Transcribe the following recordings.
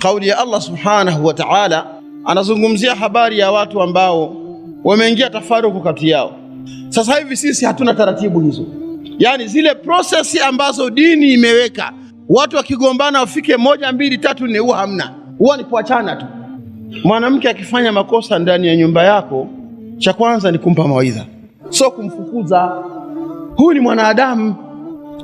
Kauli ya Allah subhanahu wa ta'ala anazungumzia habari ya watu ambao wameingia tafaruku kati yao. Sasa hivi sisi hatuna taratibu hizo, yaani zile prosesi ambazo dini imeweka watu wakigombana wafike moja mbili tatu nne, huwa hamna, huwa ni kuachana tu. Mwanamke akifanya makosa ndani ya nyumba yako, cha kwanza ni kumpa mawaidha, sio kumfukuza. Huyu ni mwanadamu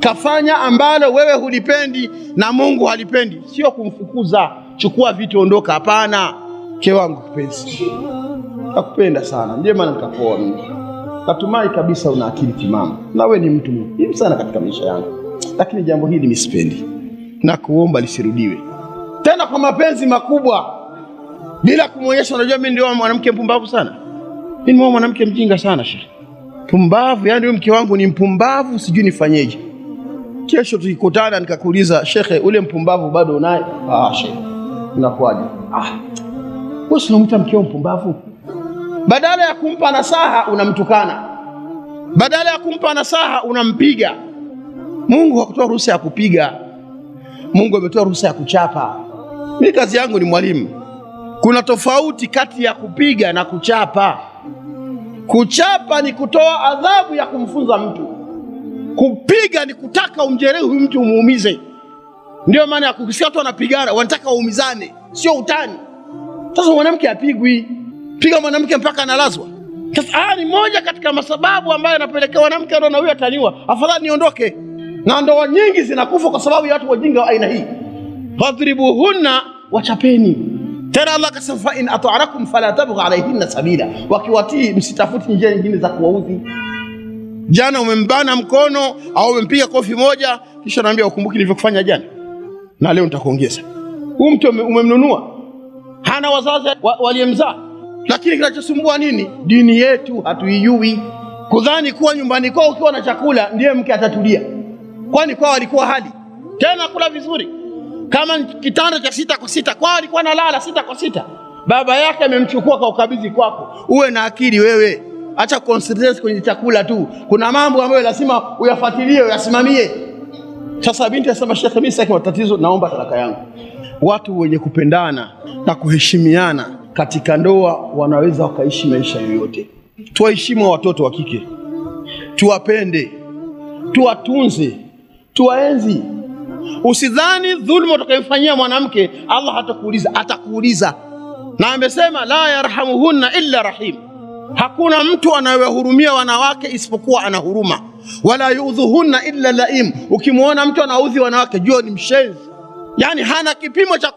kafanya ambalo wewe hulipendi na Mungu halipendi, sio kumfukuza, chukua vitu ondoka. Hapana, mke wangu mpenzi, nakupenda sana, ndiye maana nikakuoa mimi. Natumai kabisa una akili timamu na wewe ni mtu muhimu sana katika maisha yangu, lakini jambo hili misipendi na kuomba lisirudiwe tena, kwa mapenzi makubwa, bila kumwonyesha. Unajua, mimi ndio mwanamke mpumbavu sana, mimi ni mwanamke mjinga sana shehe, pumbavu. Yani huyu mke wangu ni mpumbavu, sijui nifanyeje Kesho tukikutana nikakuuliza, shekhe, ule mpumbavu bado unaye? Ah, shekhe, unakuwaje? Ah, wewe unamwita mkeo mpumbavu? Badala ya kumpa nasaha unamtukana, badala ya kumpa nasaha unampiga. Mungu hakutoa ruhusa ya kupiga, Mungu ametoa ruhusa ya kuchapa. Mimi kazi yangu ni mwalimu. Kuna tofauti kati ya kupiga na kuchapa. Kuchapa ni kutoa adhabu ya kumfunza mtu Kumpiga ni kutaka umjeruhi huyu mtu umuumize. Ndio maana yakukisikia watu wanapigana, wanataka waumizane, sio utani. Sasa mwanamke apigwi, piga mwanamke mpaka analazwa. Sasa haya ah, ni moja katika masababu ambayo yanapelekea mwanamke ndo na huyo ataniwa, afadhali niondoke. Na ndoa nyingi zinakufa kwa sababu ya watu wajinga wa aina hii. Fadhribuhunna, wachapeni. Tena Allah akasema, fa in ata'anakum fala tabgha alayhinna sabila, wakiwatii msitafuti njia nyingine za kuwaudhi. Jana umembana mkono au umempiga kofi moja, kisha naambia ukumbuki nilivyokufanya jana na leo nitakuongeza. Huyu mtu umemnunua, hana wazazi wa, waliyemzaa. Lakini kinachosumbua nini? Dini yetu hatuijui, kudhani kuwa nyumbani kwao ukiwa na chakula ndiye mke atatulia, kwani kwao alikuwa hali tena kula vizuri kama kitanda cha sita kwa sita, kwao alikuwa analala sita kwa sita. Baba yake amemchukua kwa ukabidhi kwako. Uwe na akili wewe acha concentrate kwenye chakula tu. Kuna mambo ambayo lazima uyafuatilie, uyasimamie. Sasa binti anasema, shekhe mimi sasa matatizo, naomba talaka yangu. Watu wenye kupendana na kuheshimiana katika ndoa wanaweza wakaishi maisha yoyote. Tuwaheshimu watoto wa kike, tuwapende, tuwatunze, tuwaenzi. Usidhani dhulma utakayofanyia mwanamke Allah hatakuuliza, atakuuliza na amesema la yarhamuhunna illa rahim Hakuna mtu anayewahurumia wanawake isipokuwa ana huruma. Wala yudhuhunna illa laim, ukimwona mtu anaudhi wanawake jua ni mshenzi, yani hana kipimo cha